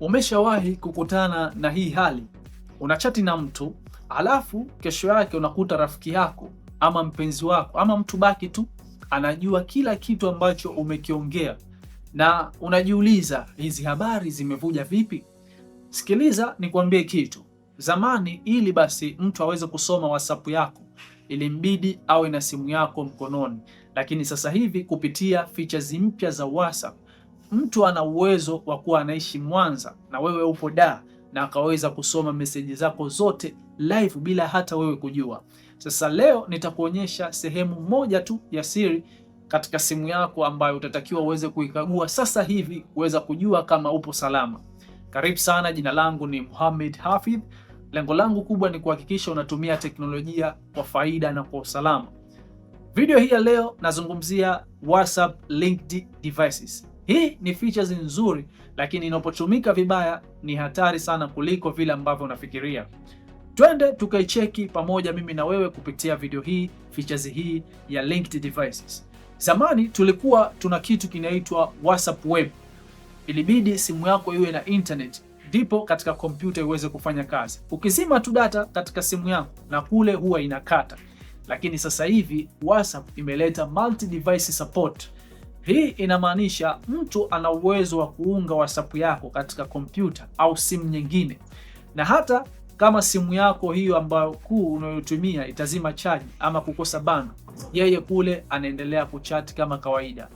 Umeshawahi kukutana na hii hali? Unachati na mtu alafu kesho yake unakuta rafiki yako ama mpenzi wako ama mtu baki tu anajua kila kitu ambacho umekiongea, na unajiuliza hizi habari zimevuja vipi? Sikiliza kuambie kitu. Zamani ili basi mtu aweze kusoma WhatsApp yako ilimbidi awe na simu yako mkononi, lakini sasa hivi kupitia features mpya za WhatsApp mtu ana uwezo wa kuwa anaishi Mwanza na wewe upo da na akaweza kusoma meseji zako zote live bila hata wewe kujua. Sasa leo nitakuonyesha sehemu moja tu ya siri katika simu yako ambayo utatakiwa uweze kuikagua sasa hivi uweza kujua kama upo salama. Karibu sana, jina langu ni Muhammad Hafidh. Lengo langu kubwa ni kuhakikisha unatumia teknolojia kwa faida na kwa usalama. Video hii ya leo nazungumzia WhatsApp linked devices. Hii ni features nzuri, lakini inapotumika vibaya ni hatari sana kuliko vile ambavyo unafikiria. Twende tukaicheki pamoja mimi na wewe kupitia video hii, features hii ya linked devices. Zamani tulikuwa tuna kitu kinaitwa WhatsApp web. Ilibidi simu yako iwe na internet ndipo katika kompyuta iweze kufanya kazi. Ukizima tu data katika simu yako na kule huwa inakata, lakini sasa hivi WhatsApp imeleta multi device support hii inamaanisha mtu ana uwezo wa kuunga WhatsApp yako katika kompyuta au simu nyingine, na hata kama simu yako hiyo ambayo kuu unayotumia itazima chaji ama kukosa bana, yeye kule anaendelea kuchati kama kawaida.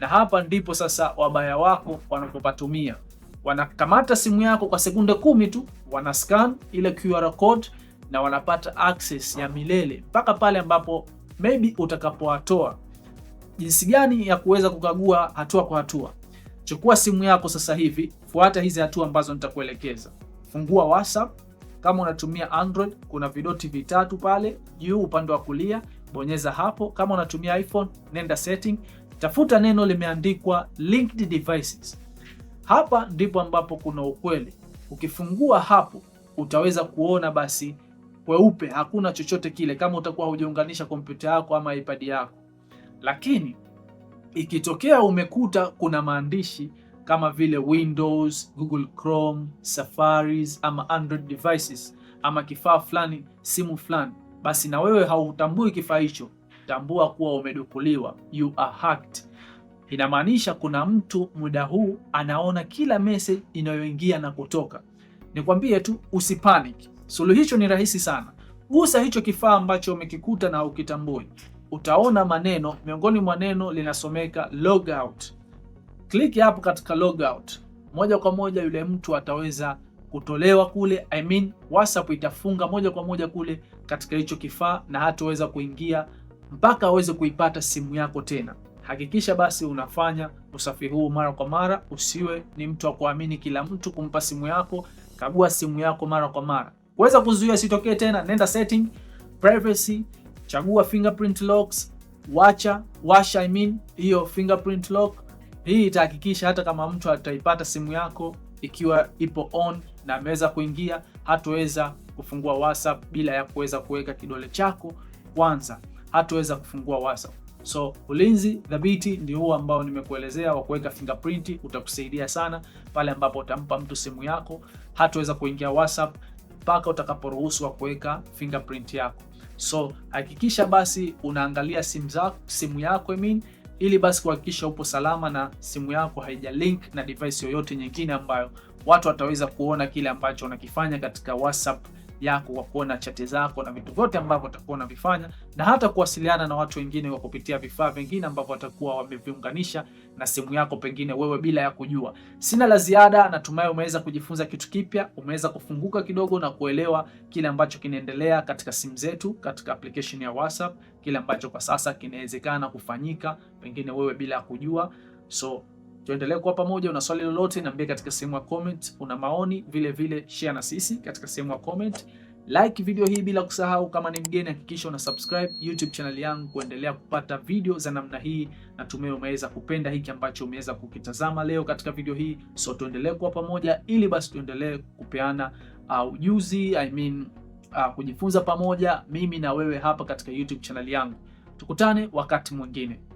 Na hapa ndipo sasa wabaya wako wanapopatumia. Wanakamata simu yako kwa sekunde kumi tu, wanascan ile QR code na wanapata access ya milele mpaka pale ambapo maybe utakapowatoa jinsi gani ya kuweza kukagua hatua kwa hatua. Chukua simu yako sasa hivi, fuata hizi hatua ambazo nitakuelekeza. Fungua WhatsApp. Kama unatumia Android, kuna vidoti vitatu pale juu upande wa kulia, bonyeza hapo. Kama unatumia iPhone, nenda setting, tafuta neno limeandikwa linked devices. Hapa ndipo ambapo kuna ukweli. Ukifungua hapo, utaweza kuona basi kweupe, hakuna chochote kile, kama utakuwa hujaunganisha kompyuta yako ama iPad yako lakini ikitokea umekuta kuna maandishi kama vile Windows, Google Chrome, Safaris ama Android devices ama kifaa fulani, simu fulani, basi na wewe hautambui kifaa hicho, tambua kuwa umedukuliwa, you are hacked. Inamaanisha kuna mtu muda huu anaona kila message inayoingia na kutoka. Nikwambie tu usipanic, suluhisho ni rahisi sana. Gusa hicho kifaa ambacho umekikuta na ukitambui utaona maneno, miongoni mwa neno linasomeka logout. Click hapo katika logout, moja kwa moja yule mtu ataweza kutolewa kule. I mean, WhatsApp itafunga moja kwa moja kule katika hicho kifaa na hataweza kuingia mpaka aweze kuipata simu yako tena. Hakikisha basi unafanya usafi huu mara kwa mara. Usiwe ni mtu wa kuamini kila mtu kumpa simu yako. Kagua simu yako mara kwa mara. Kuweza kuzuia sitokee tena, nenda setting privacy chagua fingerprint locks, wacha washa I mean hiyo fingerprint lock. Hii itahakikisha hata kama mtu ataipata simu yako ikiwa ipo on na ameweza kuingia, hatuweza kufungua WhatsApp bila ya kuweza kuweka kidole chako kwanza, hatuweza kufungua WhatsApp. So ulinzi dhabiti ndio huo ambao nimekuelezea wa kuweka fingerprint, utakusaidia sana pale ambapo utampa mtu simu yako, hatuweza kuingia WhatsApp mpaka utakaporuhusu wa kuweka fingerprint yako. So hakikisha basi unaangalia simu zako, simu yako I mean, ili basi kuhakikisha upo salama na simu yako haija link na device yoyote nyingine ambayo watu wataweza kuona kile ambacho unakifanya katika WhatsApp yako kwa kuona chati zako na vitu vyote ambavyo utakuwa unavifanya na hata kuwasiliana na watu wengine kwa kupitia vifaa vingine ambavyo watakuwa wameviunganisha na simu yako, pengine wewe bila ya kujua. Sina la ziada, natumai umeweza kujifunza kitu kipya, umeweza kufunguka kidogo na kuelewa kile ambacho kinaendelea katika simu zetu, katika application ya WhatsApp, kile ambacho kwa sasa kinawezekana kufanyika, pengine wewe bila ya kujua. So tuendelee kuwa pamoja. Una swali lolote, niambie katika sehemu ya comment. Una maoni vile vile, share na sisi katika sehemu ya comment. Like video hii bila kusahau, kama ni mgeni hakikisha una subscribe YouTube channel yangu kuendelea kupata video za namna hii. Natumai umeweza kupenda hiki ambacho umeweza kukitazama leo katika video hii, so tuendelee kuwa pamoja, ili basi tuendelee kupeana uh, ujuzi I mean, uh, kujifunza pamoja mimi na wewe hapa katika YouTube channel yangu. Tukutane wakati mwingine.